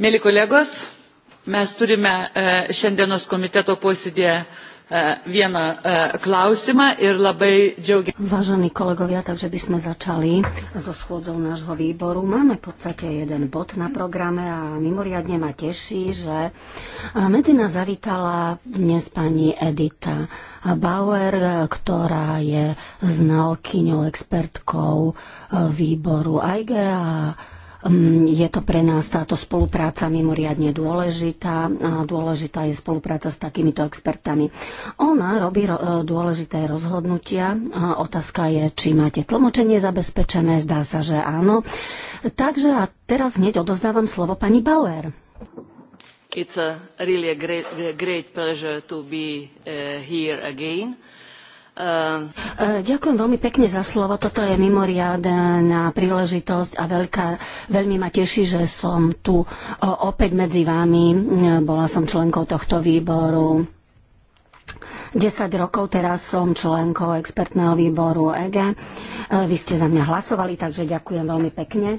Mėly kolegos, mes turime e, šiandienos komiteto posėdėje e, vieną e, klausimą ir labai džiaugiamės. Vážení kolegovia, takže by sme začali so schôdzou nášho výboru. Máme v podstate jeden bod na programe a mimoriadne ma teší, že medzi nás zavítala dnes pani Edita Bauer, ktorá je znalkyňou, expertkou výboru AIGE a Mm, je to pre nás táto spolupráca mimoriadne dôležitá a dôležitá je spolupráca s takýmito expertami. Ona robí e, dôležité rozhodnutia. Otázka je, či máte tlmočenie zabezpečené. Zdá sa, že áno. Takže a teraz hneď odozdávam slovo pani Bauer. It's a really a great, great pleasure to be uh, here again. Uh, Ehm. Ďakujem veľmi pekne za slovo. Toto je mimoriadná príležitosť a veľká, veľmi ma teší, že som tu opäť medzi vami. Bola som členkou tohto výboru 10 rokov teraz som členkou expertného výboru EGE. E. Vy ste za mňa hlasovali, takže ďakujem veľmi pekne.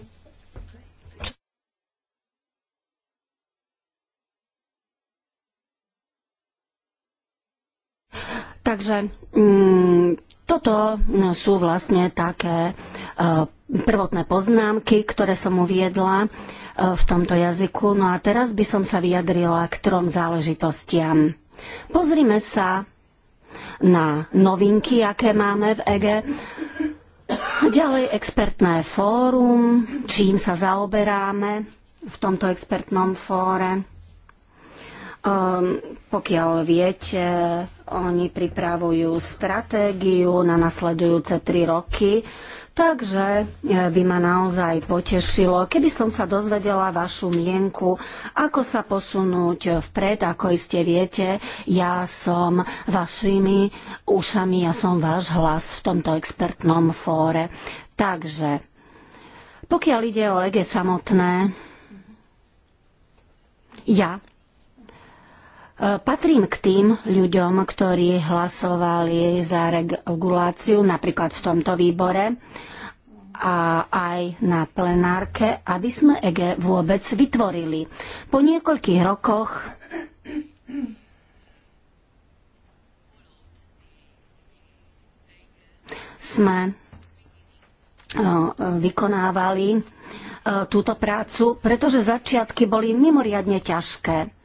Takže mm, toto no, sú vlastne také e, prvotné poznámky, ktoré som uviedla e, v tomto jazyku. No a teraz by som sa vyjadrila k trom záležitostiam. Pozrime sa na novinky, aké máme v EG. Ďalej expertné fórum, čím sa zaoberáme v tomto expertnom fóre. Um, pokiaľ viete, oni pripravujú stratégiu na nasledujúce tri roky, takže e, by ma naozaj potešilo, keby som sa dozvedela vašu mienku, ako sa posunúť vpred, ako iste viete, ja som vašimi ušami, ja som váš hlas v tomto expertnom fóre. Takže, pokiaľ ide o EGE samotné, ja Patrím k tým ľuďom, ktorí hlasovali za reguláciu napríklad v tomto výbore a aj na plenárke, aby sme EG e vôbec vytvorili. Po niekoľkých rokoch sme eh, vykonávali eh, túto prácu, pretože začiatky boli mimoriadne ťažké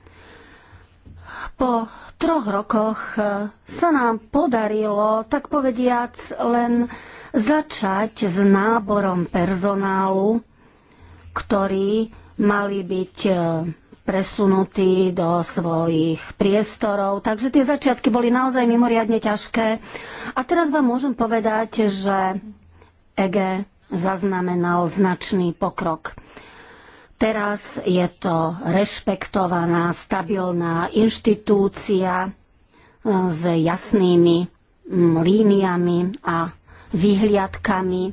po troch rokoch e, sa nám podarilo, tak povediac, len začať s náborom personálu, ktorí mali byť e, presunutí do svojich priestorov. Takže tie začiatky boli naozaj mimoriadne ťažké. A teraz vám môžem povedať, že EG zaznamenal značný pokrok. Teraz je to rešpektovaná, stabilná inštitúcia e, s jasnými líniami a výhliadkami e,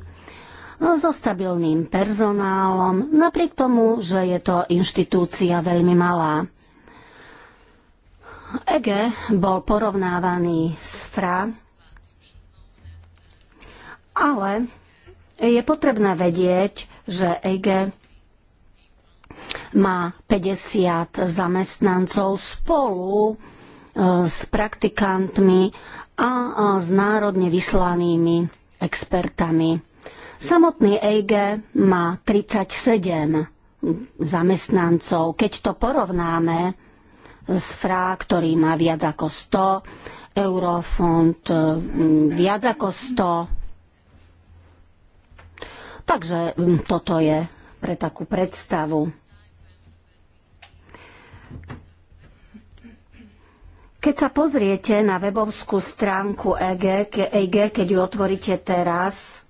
so stabilným personálom, napriek tomu, že je to inštitúcia veľmi malá. EGE bol porovnávaný s FRA, ale je potrebné vedieť, že EGE má 50 zamestnancov spolu e, s praktikantmi a s národne vyslanými expertami. Samotný EG má 37 zamestnancov. Keď to porovnáme s FRA, ktorý má viac ako 100, Eurofond e, viac ako 100. Takže toto je pre takú predstavu. Keď sa pozriete na webovskú stránku EG, EG e keď ju otvoríte teraz,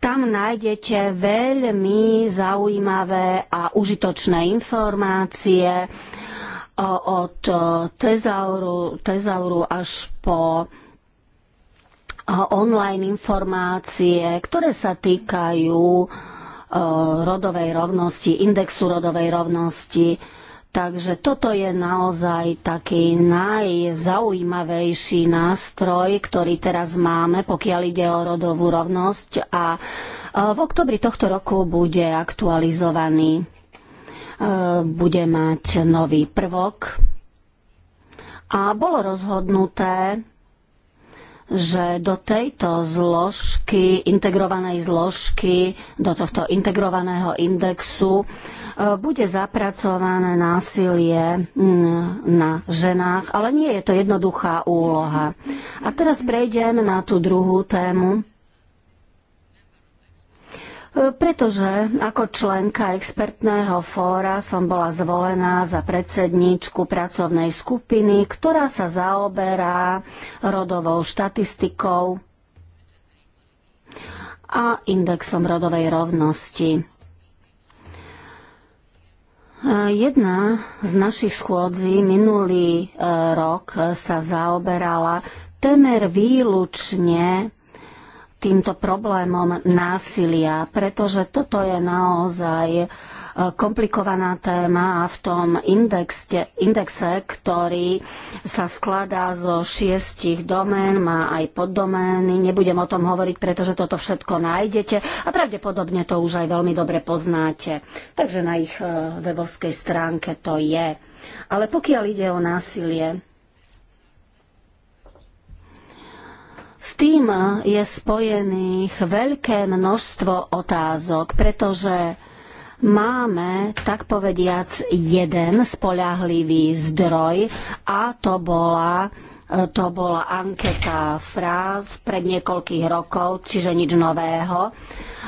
tam nájdete veľmi zaujímavé a užitočné informácie e, od e, tezauru, tezauru až po online informácie, ktoré sa týkajú E, rodovej rovnosti, indexu rodovej rovnosti. Takže toto je naozaj taký najzaujímavejší nástroj, ktorý teraz máme, pokiaľ ide o rodovú rovnosť a e, v oktobri tohto roku bude aktualizovaný. E, bude mať nový prvok a bolo rozhodnuté, že do tejto zložky, integrovanej zložky, do tohto integrovaného indexu e, bude zapracované násilie na ženách, ale nie je to jednoduchá úloha. A teraz prejdem na tú druhú tému, pretože ako členka expertného fóra som bola zvolená za predsedníčku pracovnej skupiny, ktorá sa zaoberá rodovou štatistikou a indexom rodovej rovnosti. Jedna z našich schôdzí minulý eh, rok sa zaoberala temer výlučne týmto problémom násilia, pretože toto je naozaj e, komplikovaná téma a v tom indexte, indexe, ktorý sa skladá zo šiestich domén, má aj poddomény. Nebudem o tom hovoriť, pretože toto všetko nájdete a pravdepodobne to už aj veľmi dobre poznáte. Takže na ich e, webovskej stránke to je. Ale pokiaľ ide o násilie, S tým je spojených veľké množstvo otázok, pretože máme, tak povediac, jeden spolahlivý zdroj a to bola E, to bola anketa fráz pred niekoľkých rokov, čiže nič nového.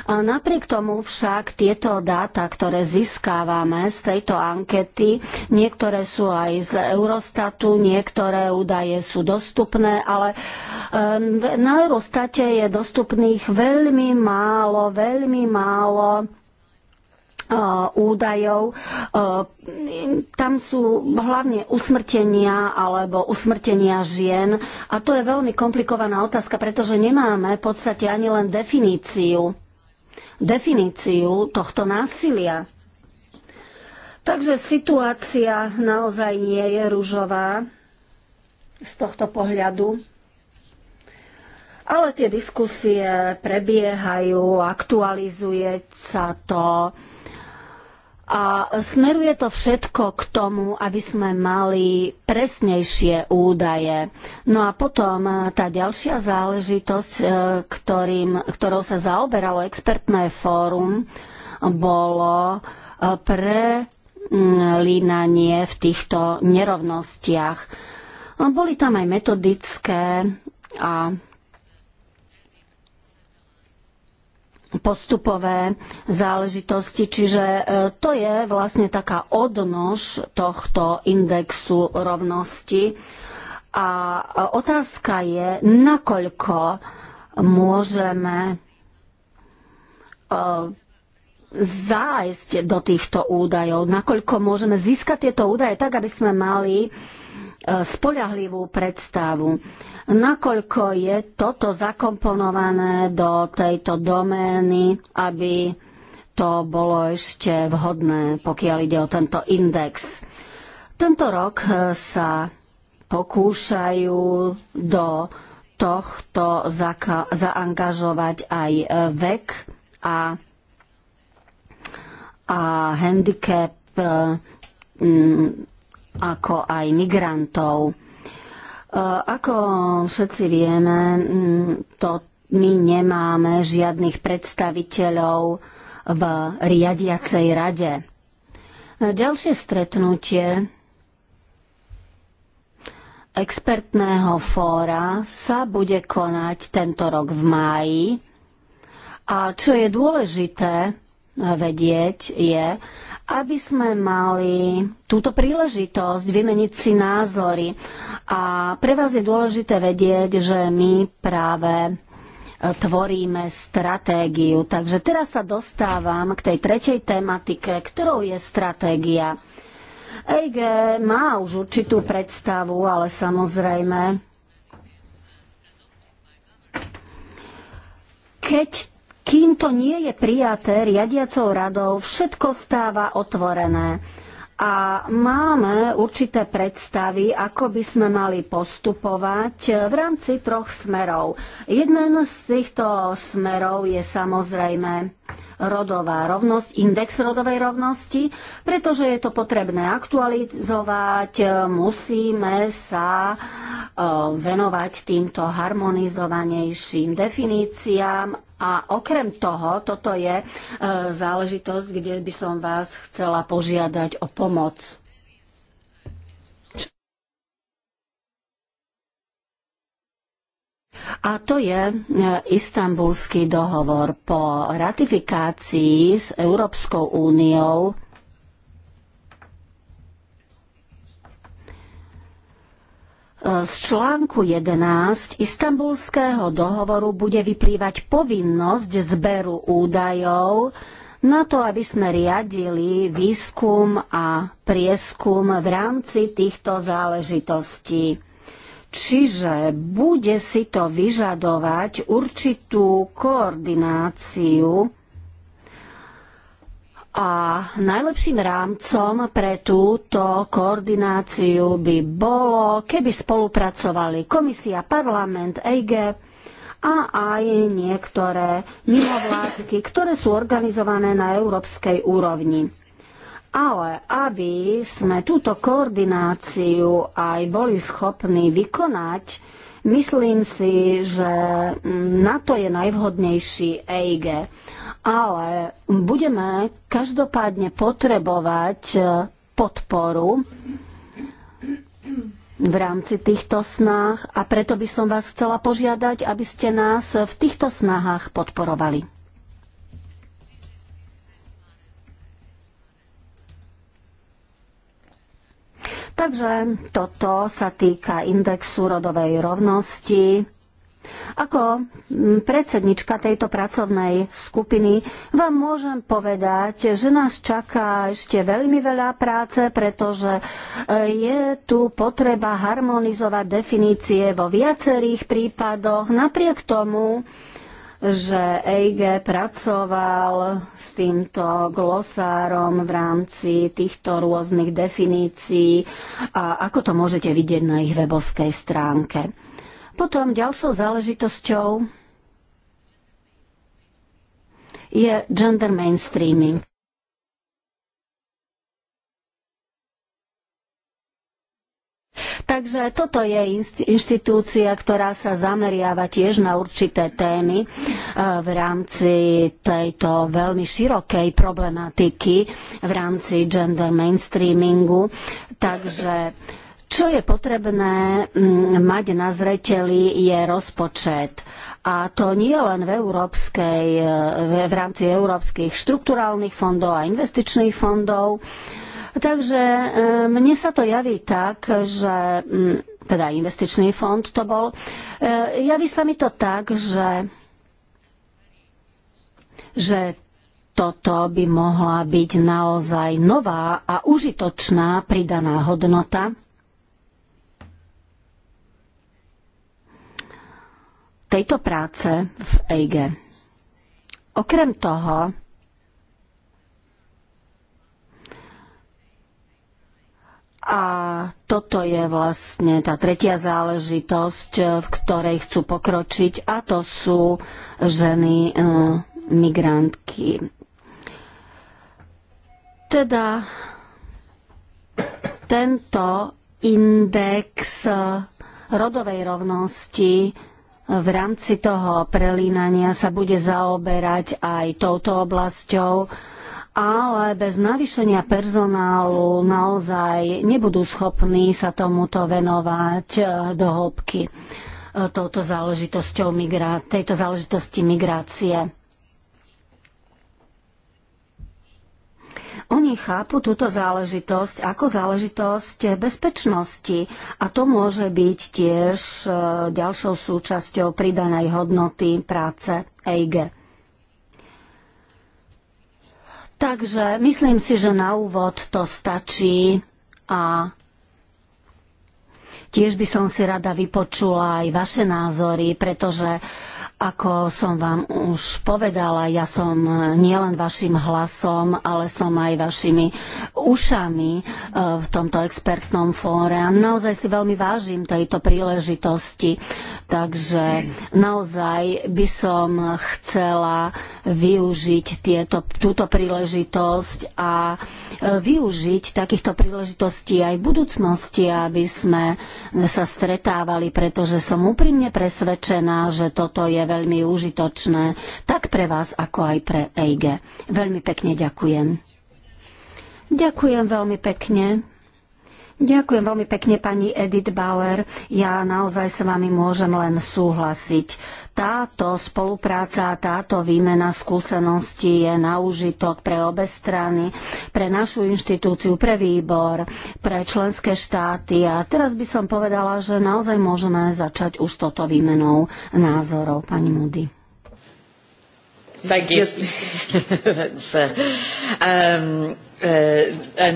A e, napriek tomu však tieto dáta, ktoré získávame z tejto ankety, niektoré sú aj z Eurostatu, niektoré údaje sú dostupné, ale e, na Eurostate je dostupných veľmi málo, veľmi málo E, údajov. E, tam sú hlavne usmrtenia alebo usmrtenia žien a to je veľmi komplikovaná otázka, pretože nemáme v podstate ani len definíciu, definíciu tohto násilia. Takže situácia naozaj nie je ružová z tohto pohľadu. Ale tie diskusie prebiehajú, aktualizuje sa to a smeruje to všetko k tomu, aby sme mali presnejšie údaje. No a potom e, tá ďalšia záležitosť, e, ktorým, ktorou sa zaoberalo expertné fórum, bolo e, pre línanie v týchto nerovnostiach. Boli tam aj metodické a postupové záležitosti, čiže e, to je vlastne taká odnož tohto indexu rovnosti. A otázka je, nakoľko môžeme e, zájsť do týchto údajov, nakoľko môžeme získať tieto údaje tak, aby sme mali E, spoľahlivú predstavu. Nakoľko je toto zakomponované do tejto domény, aby to bolo ešte vhodné, pokiaľ ide o tento index. Tento rok e, sa pokúšajú do tohto zaangažovať aj e, vek a, a handicap ako aj migrantov. E, ako všetci vieme, to my nemáme žiadnych predstaviteľov v riadiacej rade. E, ďalšie stretnutie expertného fóra sa bude konať tento rok v máji. A čo je dôležité, vedieť, je, aby sme mali túto príležitosť vymeniť si názory. A pre vás je dôležité vedieť, že my práve e, tvoríme stratégiu. Takže teraz sa dostávam k tej tretej tematike, ktorou je stratégia. EG má už určitú predstavu, ale samozrejme, keď kým to nie je prijaté riadiacou radou, všetko stáva otvorené a máme určité predstavy, ako by sme mali postupovať v rámci troch smerov. Jeden z týchto smerov je samozrejme rodová rovnosť, index rodovej rovnosti, pretože je to potrebné aktualizovať, e, musíme sa e, venovať týmto harmonizovanejším definíciám a okrem toho, toto je e, záležitosť, kde by som vás chcela požiadať o pomoc. A to je e, istambulský dohovor. Po ratifikácii s Európskou úniou e, Z článku 11 istambulského dohovoru bude vyplývať povinnosť zberu údajov na to, aby sme riadili výskum a prieskum v rámci týchto záležitostí. Čiže bude si to vyžadovať určitú koordináciu a najlepším rámcom pre túto koordináciu by bolo, keby spolupracovali komisia, parlament, EIG a aj niektoré mimovládky, ktoré sú organizované na európskej úrovni ale aby sme túto koordináciu aj boli schopní vykonať, myslím si, že na to je najvhodnejší EIG. Ale budeme každopádne potrebovať e, podporu v rámci týchto snách a preto by som vás chcela požiadať, aby ste nás v týchto snahách podporovali. Takže toto sa týka indexu rodovej rovnosti. Ako mm, predsednička tejto pracovnej skupiny vám môžem povedať, že nás čaká ešte veľmi veľa práce, pretože e, je tu potreba harmonizovať definície vo viacerých prípadoch. Napriek tomu, že EIG pracoval s týmto glosárom v rámci týchto rôznych definícií a ako to môžete vidieť na ich webovskej stránke. Potom ďalšou záležitosťou je gender mainstreaming. Takže toto je inštitúcia, ktorá sa zameriava tiež na určité témy e, v rámci tejto veľmi širokej problematiky v rámci gender mainstreamingu. Takže čo je potrebné mm, mať na zreteli je rozpočet. A to nie len v, európskej, e, v rámci európskych štrukturálnych fondov a investičných fondov, Takže eh, mne sa to javí tak, že mm, teda investičný fond to bol, eh, javí sa mi to tak, že, že toto by mohla byť naozaj nová a užitočná pridaná hodnota tejto práce v EIGE. Okrem toho, A toto je vlastne tá tretia záležitosť, v ktorej chcú pokročiť a to sú ženy e, migrantky. Teda tento index rodovej rovnosti v rámci toho prelínania sa bude zaoberať aj touto oblasťou ale bez navýšenia personálu naozaj nebudú schopní sa tomuto venovať e, do hĺbky e, touto záležitosťou migra- tejto záležitosti migrácie. Oni chápu túto záležitosť ako záležitosť bezpečnosti a to môže byť tiež e, ďalšou súčasťou pridanej hodnoty práce EIGE. Takže myslím si, že na úvod to stačí a tiež by som si rada vypočula aj vaše názory, pretože ako som vám už povedala, ja som nielen vašim hlasom, ale som aj vašimi ušami e, v tomto expertnom fóre a naozaj si veľmi vážim tejto príležitosti. Takže naozaj by som chcela využiť tieto, túto príležitosť a e, využiť takýchto príležitostí aj v budúcnosti, aby sme sa stretávali, pretože som úprimne presvedčená, že toto je veľmi užitočné, tak pre vás, ako aj pre EIGE. Veľmi pekne ďakujem. Ďakujem veľmi pekne. Ďakujem veľmi pekne pani Edith Bauer. Ja naozaj s vami môžem len súhlasiť. Táto spolupráca, táto výmena skúseností je na užitok pre obe strany, pre našu inštitúciu, pre výbor, pre členské štáty. A teraz by som povedala, že naozaj môžeme začať už toto výmenou názorov, pani Moody. Thank you. Yes, um, Uh, e,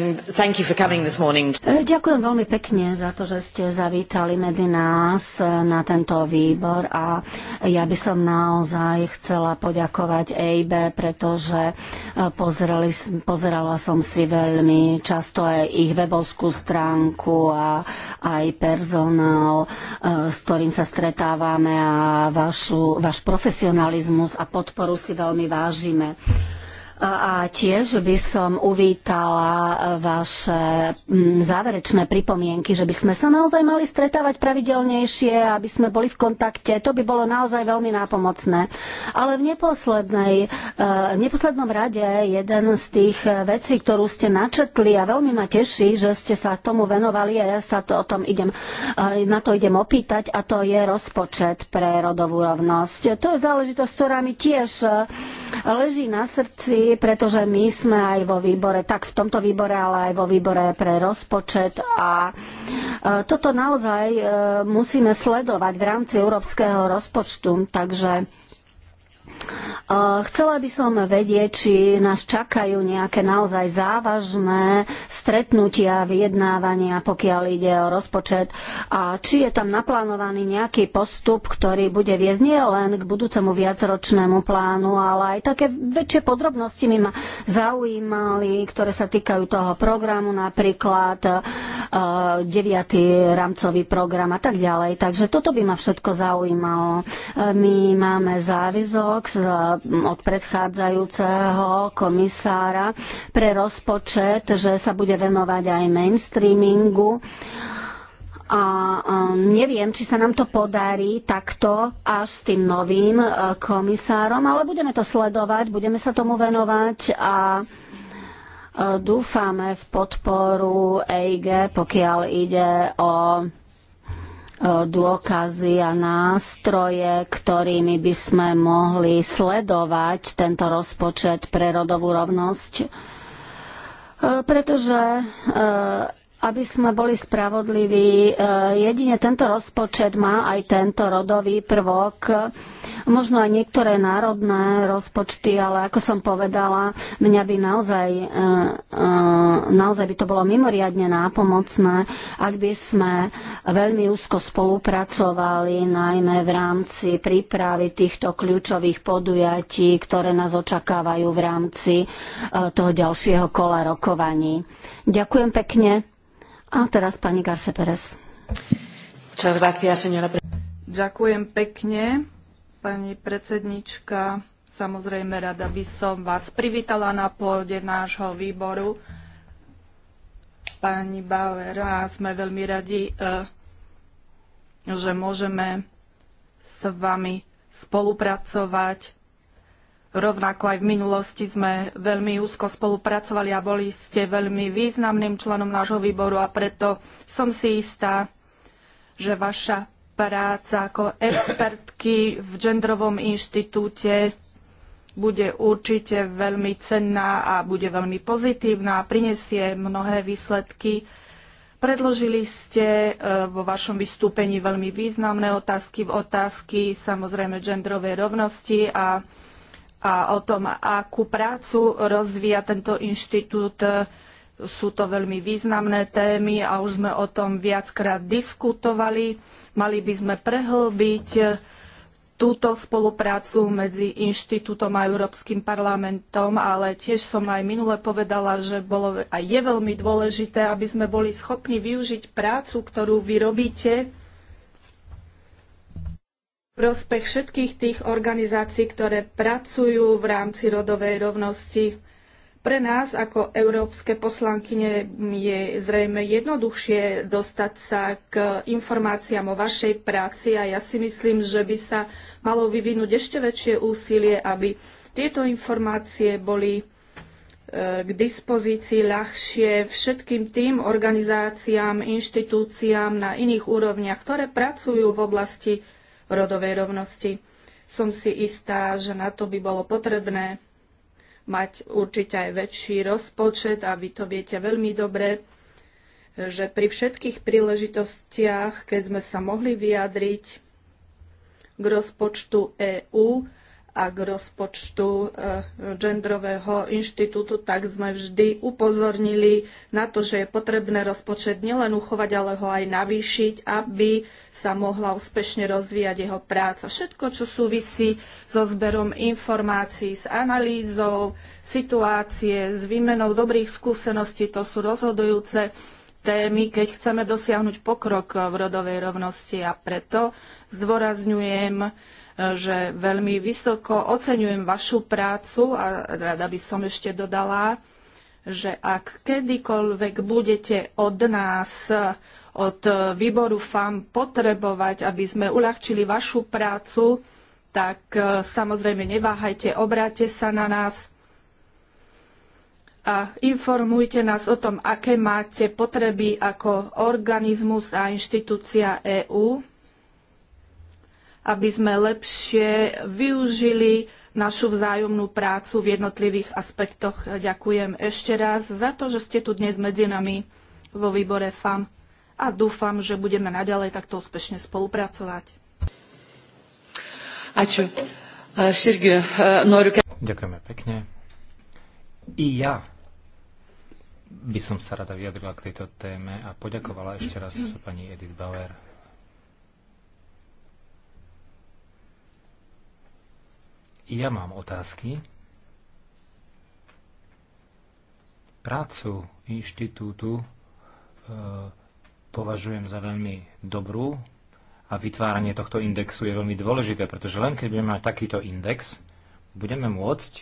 ďakujem veľmi pekne za to, že ste zavítali medzi nás e, na tento výbor a ja by som naozaj chcela poďakovať EIB, pretože e, pozerala som si veľmi často aj ich webovskú stránku a aj personál, s ktorým sa stretávame a vašu, váš profesionalizmus a podporu si veľmi vážime. A tiež by som uvítala e, vaše mm, záverečné pripomienky, že by sme sa naozaj mali stretávať pravidelnejšie, aby sme boli v kontakte. To by bolo naozaj veľmi nápomocné. Ale v neposlednej, e, v neposlednom rade jeden z tých e, vecí, ktorú ste načetli a veľmi ma teší, že ste sa tomu venovali a ja sa to, o tom idem, na to idem opýtať a to je rozpočet pre rodovú rovnosť. To je záležitosť, ktorá mi tiež leží na srdci pretože my sme aj vo výbore, tak v tomto výbore, ale aj vo výbore pre rozpočet a e, toto naozaj e, musíme sledovať v rámci európskeho rozpočtu, takže Chcela by som vedieť, či nás čakajú nejaké naozaj závažné stretnutia, vyjednávania, pokiaľ ide o rozpočet a či je tam naplánovaný nejaký postup, ktorý bude viesť nie len k budúcemu viacročnému plánu, ale aj také väčšie podrobnosti mi ma zaujímali, ktoré sa týkajú toho programu, napríklad 9. E, rámcový program a tak ďalej. Takže toto by ma všetko zaujímalo. E, my máme závisok z od predchádzajúceho komisára pre rozpočet, že sa bude venovať aj mainstreamingu a neviem, či sa nám to podarí takto až s tým novým e, komisárom, ale budeme to sledovať, budeme sa tomu venovať a e, dúfame v podporu EIG, pokiaľ ide o E, dôkazy a nástroje, ktorými by sme mohli sledovať tento rozpočet pre rodovú rovnosť, e, pretože e, aby sme boli spravodliví, e, jedine tento rozpočet má aj tento rodový prvok, možno aj niektoré národné rozpočty, ale ako som povedala, mňa by naozaj, e, e, naozaj by to bolo mimoriadne nápomocné, ak by sme veľmi úzko spolupracovali, najmä v rámci prípravy týchto kľúčových podujatí, ktoré nás očakávajú v rámci toho ďalšieho kola rokovaní. Ďakujem pekne. A teraz pani Garce Perez. Ďakujem pekne, pani predsednička. Samozrejme, rada by som vás privítala na pôde nášho výboru. Pani Bauer, a sme veľmi radi, e, že môžeme s vami spolupracovať Rovnako aj v minulosti sme veľmi úzko spolupracovali a boli ste veľmi významným členom nášho výboru a preto som si istá, že vaša práca ako expertky v Gendrovom inštitúte bude určite veľmi cenná a bude veľmi pozitívna a prinesie mnohé výsledky. Predložili ste e, vo vašom vystúpení veľmi významné otázky v otázky samozrejme genderovej rovnosti a a o tom, akú prácu rozvíja tento inštitút. Sú to veľmi významné témy a už sme o tom viackrát diskutovali. Mali by sme prehlbiť túto spoluprácu medzi inštitútom a Európskym parlamentom, ale tiež som aj minule povedala, že bolo a je veľmi dôležité, aby sme boli schopní využiť prácu, ktorú vy robíte prospech všetkých tých organizácií, ktoré pracujú v rámci rodovej rovnosti. Pre nás ako európske poslankyne je zrejme jednoduchšie dostať sa k informáciám o vašej práci a ja si myslím, že by sa malo vyvinúť ešte väčšie úsilie, aby tieto informácie boli e, k dispozícii ľahšie všetkým tým organizáciám, inštitúciám na iných úrovniach, ktoré pracujú v oblasti rodovej rovnosti. Som si istá, že na to by bolo potrebné mať určite aj väčší rozpočet a vy to viete veľmi dobre, že pri všetkých príležitostiach, keď sme sa mohli vyjadriť k rozpočtu EÚ, a k rozpočtu eh, Gendrového inštitútu, tak sme vždy upozornili na to, že je potrebné rozpočet nielen uchovať, ale ho aj navýšiť, aby sa mohla úspešne rozvíjať jeho práca. Všetko, čo súvisí so zberom informácií, s analýzou situácie, s výmenou dobrých skúseností, to sú rozhodujúce témy, keď chceme dosiahnuť pokrok v rodovej rovnosti a preto zdôrazňujem, eh, že veľmi vysoko oceňujem vašu prácu a rada by som ešte dodala, že ak kedykoľvek budete od nás, eh, od výboru FAM potrebovať, aby sme uľahčili vašu prácu, tak eh, samozrejme neváhajte, obráte sa na nás a informujte nás o tom, aké máte potreby ako organizmus a inštitúcia EÚ, aby sme lepšie využili našu vzájomnú prácu v jednotlivých aspektoch. Ďakujem ešte raz za to, že ste tu dnes medzi nami vo výbore FAM a dúfam, že budeme naďalej takto úspešne spolupracovať. E, Ďakujeme pekne. I ja by som sa rada vyjadrila k tejto téme a poďakovala ešte raz pani Edith Bauer. Ja mám otázky. Prácu inštitútu e, považujem za veľmi dobrú a vytváranie tohto indexu je veľmi dôležité, pretože len keď budeme mať takýto index, budeme môcť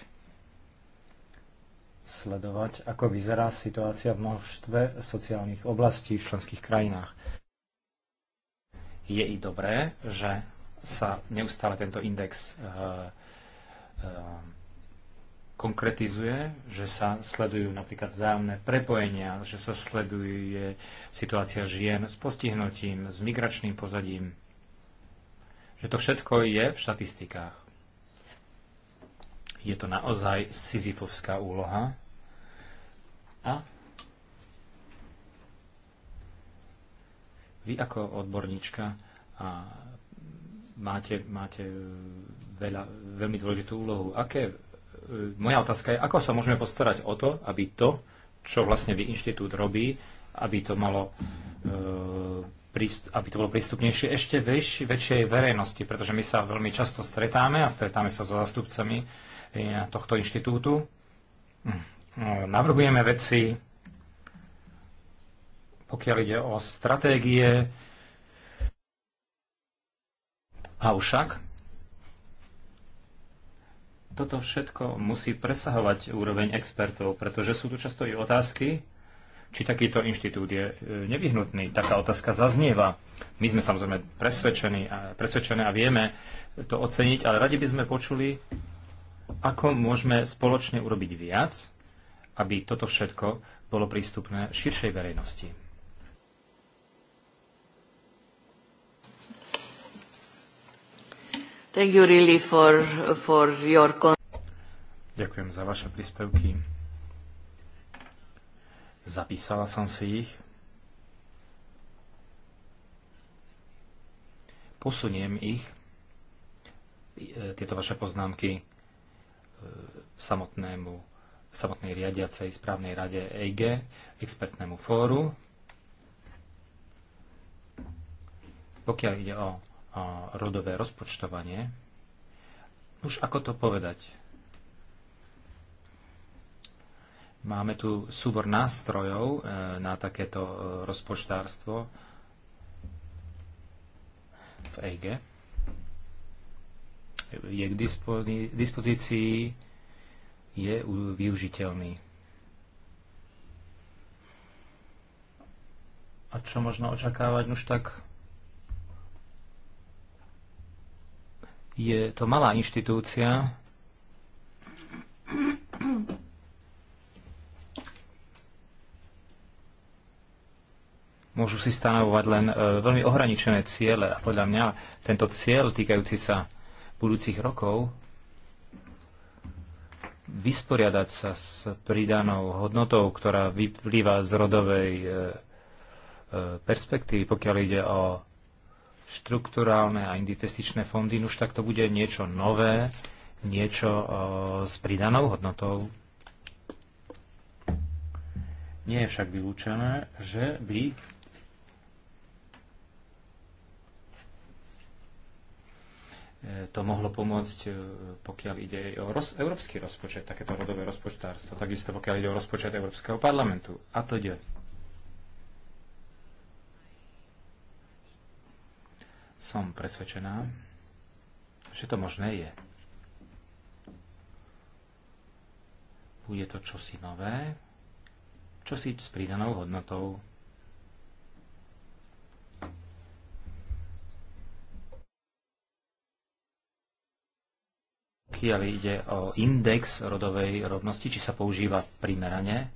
sledovať, ako vyzerá situácia v množstve sociálnych oblastí v členských krajinách. Je i dobré, že sa neustále tento index e, e, konkretizuje, že sa sledujú napríklad vzájomné prepojenia, že sa sleduje situácia žien s postihnutím, s migračným pozadím, že to všetko je v štatistikách. Je to naozaj sizifovská úloha. A vy ako odborníčka a máte, máte veľa, veľmi dôležitú úlohu. Aké, e, moja otázka je, ako sa môžeme postarať o to, aby to, čo vlastne vy inštitút robí, aby to malo e, aby to bolo prístupnejšie ešte väč, väčšej verejnosti, pretože my sa veľmi často stretáme a stretáme sa so zastupcami eh, tohto inštitútu. Hm. Eh, navrhujeme veci, pokiaľ ide o stratégie, avšak toto všetko musí presahovať úroveň expertov, pretože sú tu často i otázky, či takýto inštitút je e, nevyhnutný. Taká otázka zaznieva. My sme samozrejme presvedčení a, presvedčené a vieme to oceniť, ale radi by sme počuli, ako môžeme spoločne urobiť viac, aby toto všetko bolo prístupné širšej verejnosti. Thank you really for, for your... Ďakujem za vaše príspevky. Zapísala som si ich. Posuniem ich, e, tieto vaše poznámky, e, samotnému, samotnej riadiacej správnej rade EIG, expertnému fóru. Pokiaľ ide o, o rodové rozpočtovanie, už ako to povedať? Máme tu súbor nástrojov e, na takéto e, rozpočtárstvo v EIGE. Je k dispozícii, je využiteľný. A čo možno očakávať už tak? Je to malá inštitúcia, môžu si stanovovať len e, veľmi ohraničené ciele a podľa mňa tento cieľ týkajúci sa budúcich rokov vysporiadať sa s pridanou hodnotou, ktorá vyplýva z rodovej e, e, perspektívy, pokiaľ ide o štruktúrálne a investičné fondy, no už tak to bude niečo nové, niečo s pridanou hodnotou. Nie je však vylúčené, že by to mohlo pomôcť, e, pokiaľ ide o roz, európsky rozpočet, takéto rodové rozpočtárstvo, takisto pokiaľ ide o rozpočet Európskeho parlamentu a to ide. Som presvedčená, že to možné je. Bude to čosi nové, čosi s pridanou hodnotou pokiaľ ide o index rodovej rovnosti, či sa používa primerane,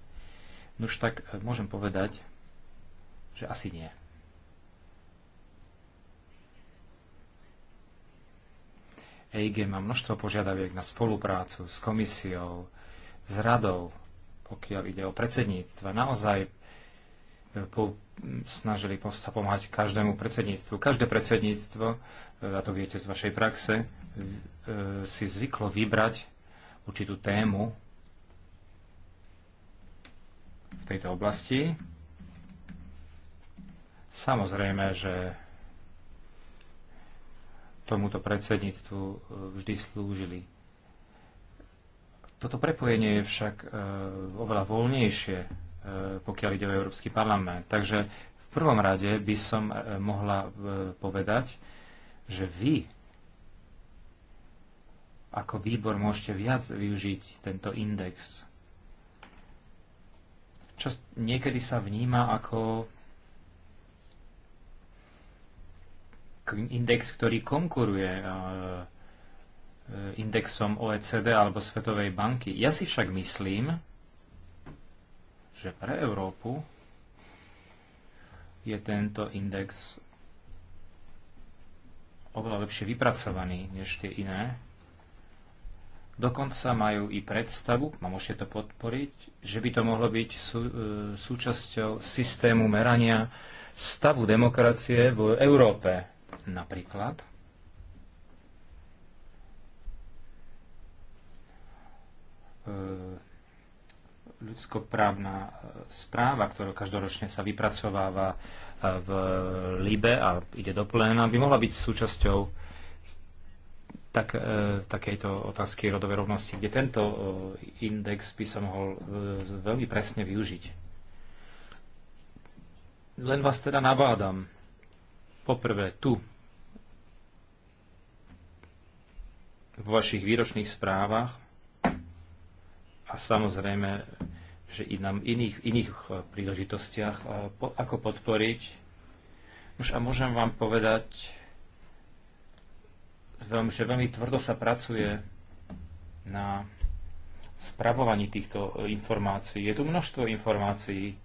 už tak e, môžem povedať, že asi nie. EIG má množstvo požiadaviek na spoluprácu s komisiou, s radou, pokiaľ ide o predsedníctva. Naozaj E, snažili sa pomáhať každému predsedníctvu. Každé predsedníctvo, e, a to viete z vašej praxe, e, si zvyklo vybrať určitú tému v tejto oblasti. Samozrejme, že tomuto predsedníctvu vždy slúžili. Toto prepojenie je však oveľa voľnejšie E, pokiaľ ide o Európsky parlament. Takže v prvom rade by som e, mohla e, povedať, že vy ako výbor môžete viac využiť tento index. Čo niekedy sa vníma ako index, ktorý konkuruje indexom OECD alebo Svetovej banky. Ja si však myslím, že pre Európu je tento index oveľa lepšie vypracovaný než tie iné. Dokonca majú i predstavu, a môžete to podporiť, že by to mohlo byť sú, e, súčasťou systému merania stavu demokracie v Európe napríklad. E ľudskoprávna e, správa, ktorá každoročne sa vypracováva e, v Libe a ide do pléna, by mohla byť súčasťou tak, e, takejto otázky rodovej rovnosti, kde tento index by sa mohol veľmi presne využiť. Len vás teda nabádam. Poprvé, tu vo vašich výročných správach a samozrejme že i na iných, iných eh, príležitostiach, eh, ako podporiť. Už a môžem vám povedať, že veľmi tvrdo sa pracuje na spravovaní týchto eh, informácií. Je tu množstvo informácií,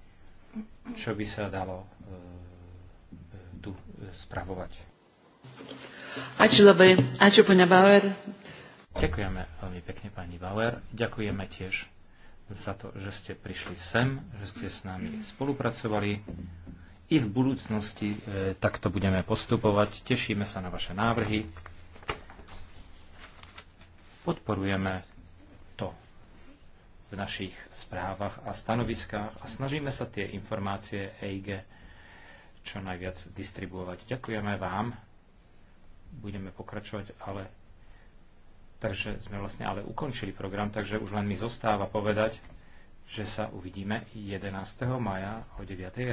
čo by sa dalo tu spravovať. Bauer. Ďakujeme veľmi pekne, pani Bauer. Ďakujeme tiež za to, že ste prišli sem, že ste s nami spolupracovali. I v budúcnosti e, takto budeme postupovať. Tešíme sa na vaše návrhy. Podporujeme to v našich správach a stanoviskách a snažíme sa tie informácie EIG čo najviac distribuovať. Ďakujeme vám. Budeme pokračovať, ale Takže sme vlastne ale ukončili program, takže už len mi zostáva povedať, že sa uvidíme 11. maja o 9.